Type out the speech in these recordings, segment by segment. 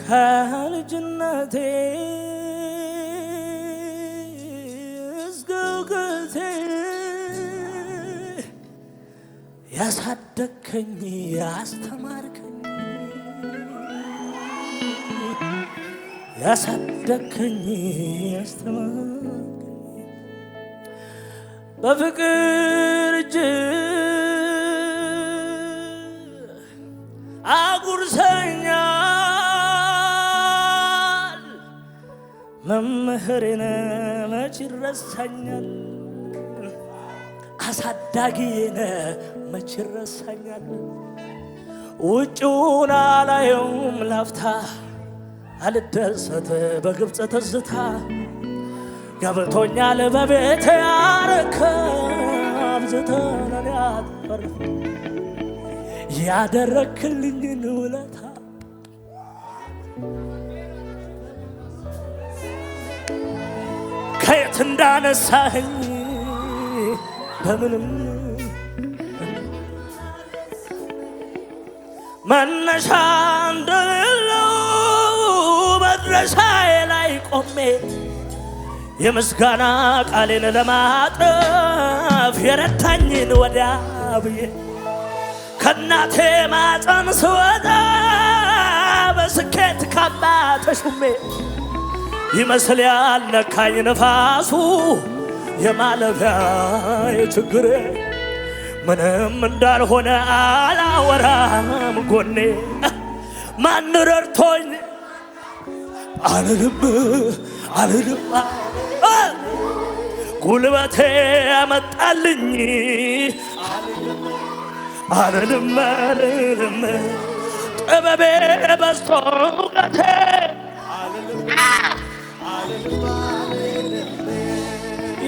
ከልጅነቴ እስከ እውቀቴ ያሳደግከኝ ያስተማርከኝ ያሳደግከኝ ያስተማርከኝ በፍቅር እጅ አጉርሰኝ መምህሬን መች ይረሳኛል፣ አሳዳጊን መች ይረሳኛል። ውጭውን አላየውም ላፍታ አልደሰት በግብፅ ትዝታ ገብቶኛል በቤት ያደረክልኝን ውለታ ከመሬት እንዳነሳኸኝ በምንም መነሻ እንደሌለው መድረሻዬ ላይ ቆሜ የምስጋና ቃሌን ለማጥፍ የረታኝን ወዲያ ብዬ ከእናቴ ማጠን ስወጣ በስኬት ካባ ተሹሜ ይመስልያል ነካኝ ነፋሱ የማለፊያ የችግሬ ምንም እንዳልሆነ አላወራም ጎኔ ማን ረድቶኝ አልልም አልልም ጉልበቴ ያመጣልኝ አልልም አልልም ጥበቤ በዝቶ እውቀቴ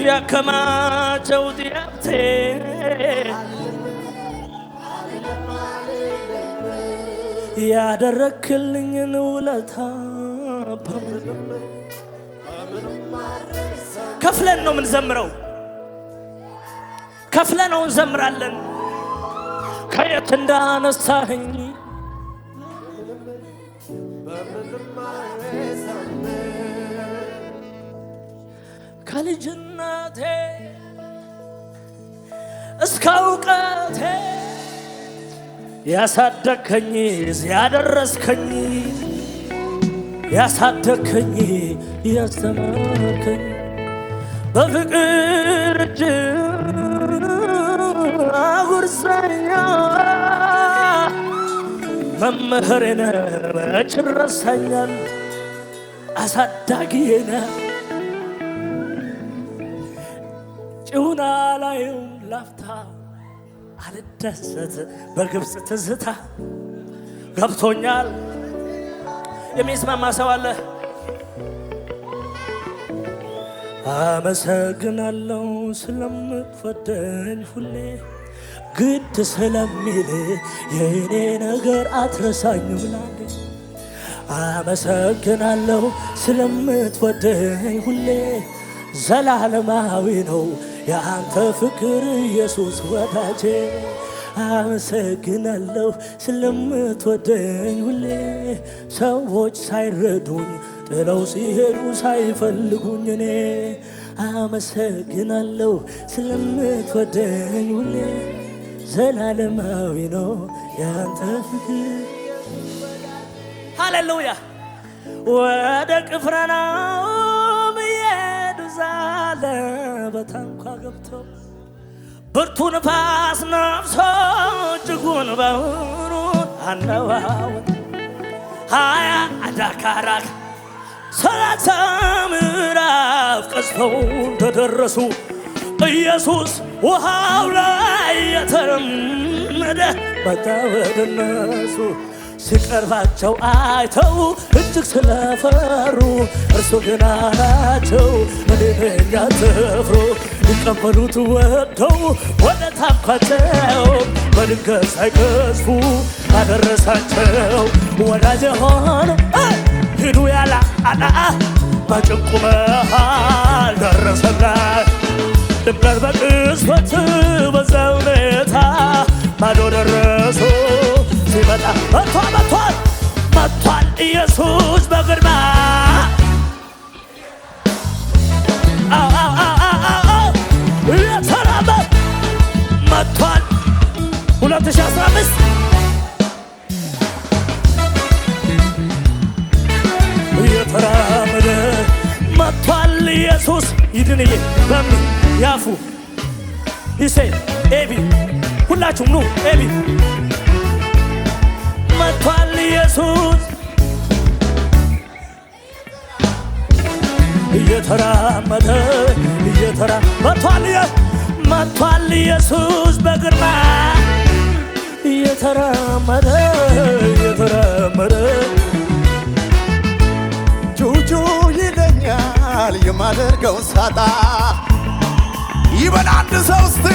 ያከማቸው ዲያብቴ ያደረክልኝን ውለታ ከፍለን ነው የምንዘምረው። ከፍለን ነው እንዘምራለን። ከየት እንዳነሳኸኝ ከልጅነቴ እስከ እውቀቴ ያሳደከኝ ያደረስከኝ ያሳደከኝ ያስተማርከኝ በፍቅር እጅ አጉርሰኛ ላፍታ አልደሰት በግብፅ ትዝታ ገብቶኛል። የሚስማማ ሰው አለ? አመሰግናለሁ ስለምትወደኝ ሁሌ ግድ ስለሚል የእኔ ነገር አትረሳኝም ላንዴ አመሰግናለሁ ስለምትወደኝ ሁሌ ዘላለማዊ ነው የአንተ ፍቅር ኢየሱስ ወዳጄ አመሰግናለሁ ስለምትወደኝ ሁሌ ሰዎች ሳይረዱኝ ጥለው ሲሄዱ ሳይፈልጉኝ እኔ አመሰግናለሁ ስለምትወደኝ ሁሌ ዘላለማዊ ነው ያንተ ፍቅር። ሃሌሉያ ወደ ቅፍረናው የዱዛለ በታም ገብቶ ብርቱ ንፋስ ነፍሶ እጅጉን ባህሩን አነዋወጠ ሀያ አዳካራክ ሰላሳ ምዕራፍ ቀዝፈውን ተደረሱ ኢየሱስ ውሃው ላይ የተረመደ መጣ እነሱ ሲቀርባቸው አይተው እጅግ ስለፈሩ፣ እርሱ ግን አላቸው እኔ ነኝ ሊቀበሉት ወጥተው ወደ ታንኳቸው በድንገት ሳይገዝፉ አደረሳቸው። ወዳጅ ሆነ ሂዱ ያላ አላ በጭንቁ መሃል ደረሰላት ድንገት በቅጽበት በዛ ሁኔታ ኢየሱስ በግርማ የተራበ መጥቷል 2015 የተራመደ መጥቷል ኢየሱስ ይድንዬ በሚ ያፉ ይሴ ኤቢ ሁላችሁም ኑ ኤቢ መጥቷል ኢየሱስ እየተራመደ እየተራ መቷል መቷል ኢየሱስ በግርማ እየተራመደ እየተራመደ ጁጁ ይለኛል የማደርገውን ሳጣ ይበል አንድ ሰው እስቲ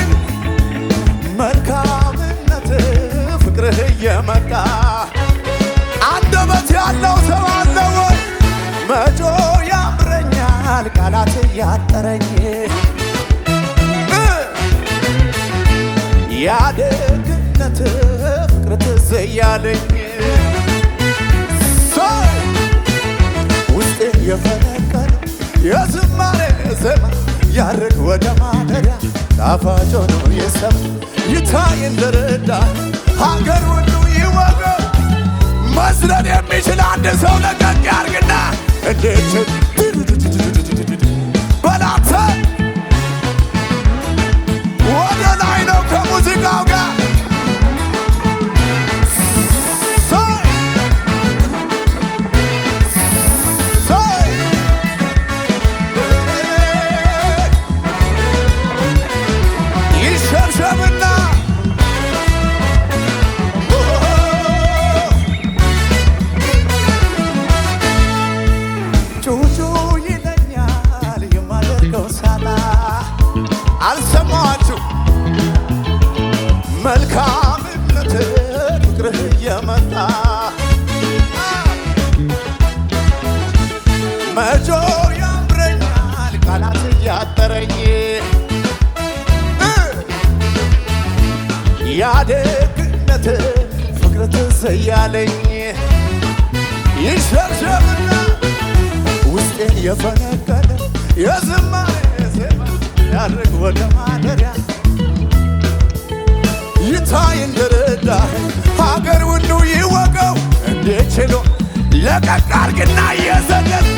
መልካምነት ፍቅርህ እየመጣ አንደበት ያለው ያጠረኝ ያደግነት ፍቅር ትዝ እያለኝ ውስጤ የፈነቀለ የዝማሬ ዜማ ያርግ ወደ ማደሪያ ጣፋጭ ሆኖ የሰማ ይታይ እንደረዳ ሀገር ሁሉ ይወቀው መስለን የሚችል አንድ ሰው ለቀቅ ያርግና እንዴት ያደግነት ፍቅር ትዝ እያለኝ ይሸብሸብና ውስጤን የፈነከለ የዝማሬ ዜማ ያድርግ ወደ ማደሪያ ይታይ እንደረዳህ ሀገር ሁሉ ይወቀው እንዴት ችሎ ለቀቅ አድርግና የዘለል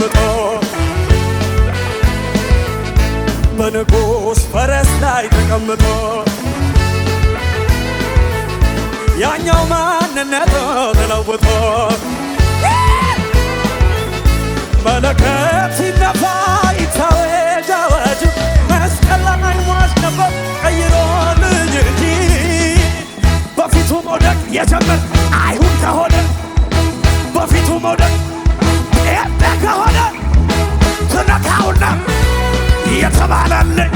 ተቀምጦ በንጉሥ ፈረስ ላይ ተቀምጦ ያኛው ማንነት ተለውጦ መለከት ሲነፋ ይታወጅ መስቀል ላይ ሟች ነበር ቀይሮ ልጅ እንጂ በፊቱ መውደቅ የጀመር አይሁድ ከሆነ በፊቱ መውደቅ ከሆነ ትነካውና እየተባለልኝ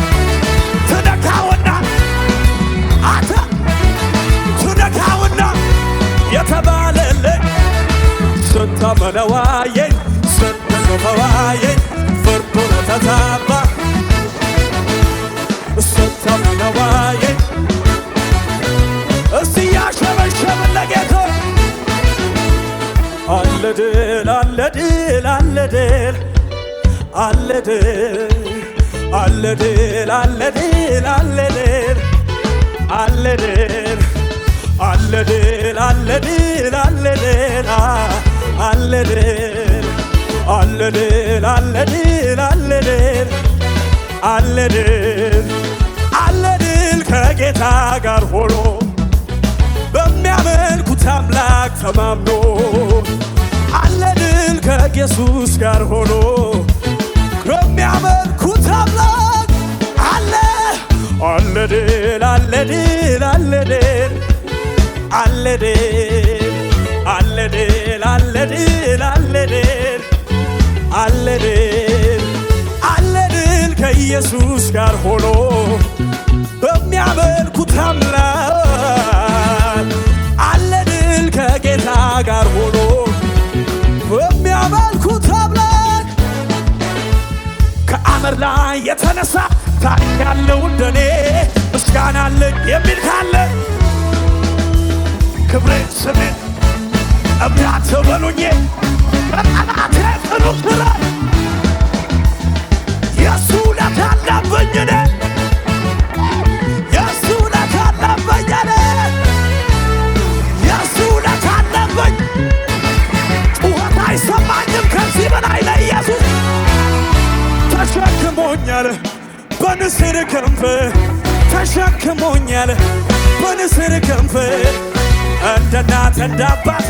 ትነካውና አተ ትነካውና የተባለልኝ ስንተመነዋየ አለ ድል አለ ድል አለ አለድል አለድል ድል አለ ድል አለ ድል አለድል ድል አለ ድል ከጌታ ጋር ሆኖ በሚያመልኩት አምላክ ተማምኖ ለድል ከኢየሱስ ጋር ሆኖ ከሚያመልኩት አምላክ አለ አለ ድል አለ ድል አለ ድል አለ ድል አለ ድል አለ ድል አለ ድል አለ ድል አለ ድል ከኢየሱስ ጋር ሆኖ በሚያመልኩት አምላክ አለ ድል ከጌታ ጋር ሆኖ መስመር ላይ የተነሳ ታሪክ ያለው እንደኔ ምስጋና አለኝ የሚል ካለ ክብሬ ስሜ እምዳት በሉኝ በጠላቴ ጥሩ ስራ ተሸክሞኛል በንስር ክንፍ ተሸክሞኛል በንስር ክንፍ እንደ እናት እንደ አባት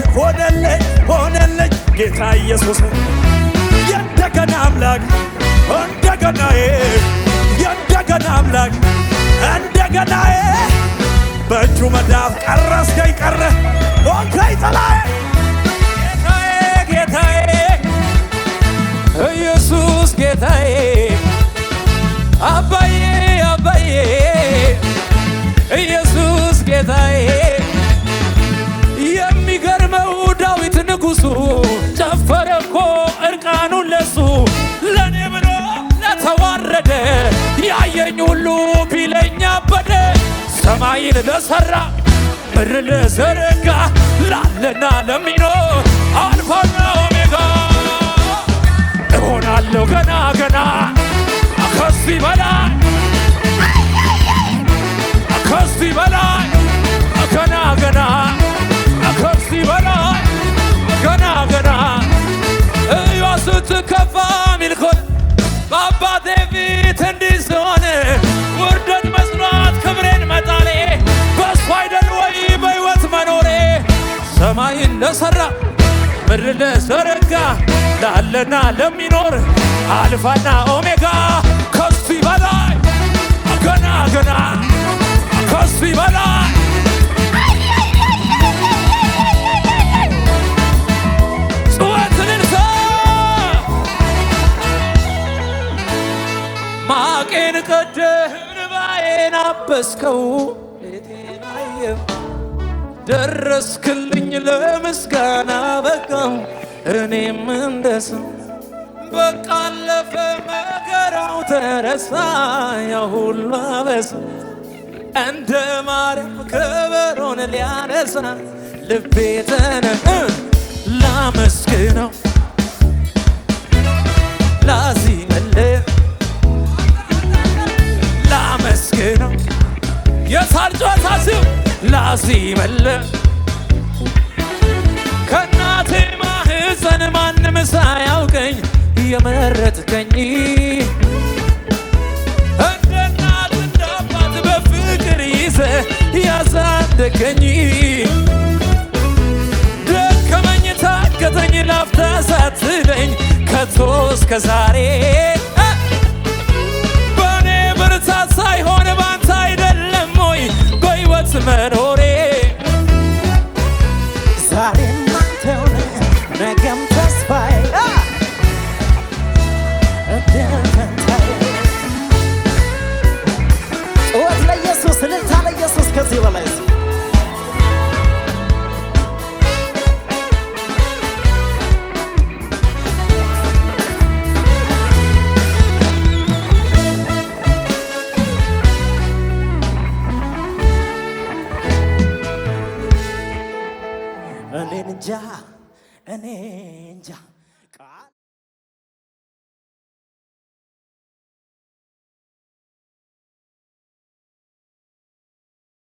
ሆነለኝ ጌታ ኢየሱስ የእንደገና አምላክ እንደገናዬ የእንደገና አምላክ በእጁ መዳፍ ቀረስከኝ ቀረ ሆንከኝ ጌታዬ ጌታዬ ኢየሱስ ጌታዬ አባዬ አባዬ ኢየሱስ ጌታዬ የሚገርመው ዳዊት ንጉሱ ጨፈረ እኮ እርቃኑን ለሱ ለኔ ብሎ ለተዋረደ ያየኝ ሁሉ ቢለኛ አበደ ሰማይን ለሰራ ምድር ለዘረጋ ላለና ለሚኖር አልፋና ኦሜጋ እሆናለሁ ገና ገና ከዚህ በላይ ከዚህ በላይ ገና ገና ከዚህ በላይ ገና ገና እዮ ስትከፋ ሚልኮን በአባቴ ፊት እንዲህ ሲሆን ውርደት መስሏት ክብሬን መጣሌ በሱ አይደል ወይ በሕይወት መኖሬ ሰማይን ለሠራ ምድር ለዘረጋ ላለና ለሚኖር አልፋና ኦሜጋ ሲበላ ጽዋትን ማቄን ቀደህ እንባዬን አበስከው ሌቴን ደረስክልኝ ለምስጋና በቃው እኔም እንደስም በቃለፈ አለፈ መከራው ተረሳ ያሁላ በስ እንደ ማርያም ከበሮን ሊያነሳ ልቤትን ላመስግነው ላዚመል ላመስግነው የሳርጇታስብ ላዚመል ከእናቴ ማህፀን ማንም ሳያውቀኝ የመረጥከኝ ያሳደገኝ ደከመኝ ታከተኝ ላፍታ ሳትለኝ ከቶ እስከ ዛሬ በእኔ ብርታት ሳይሆን ባንተ አይደለም ወይ በሕይወት መ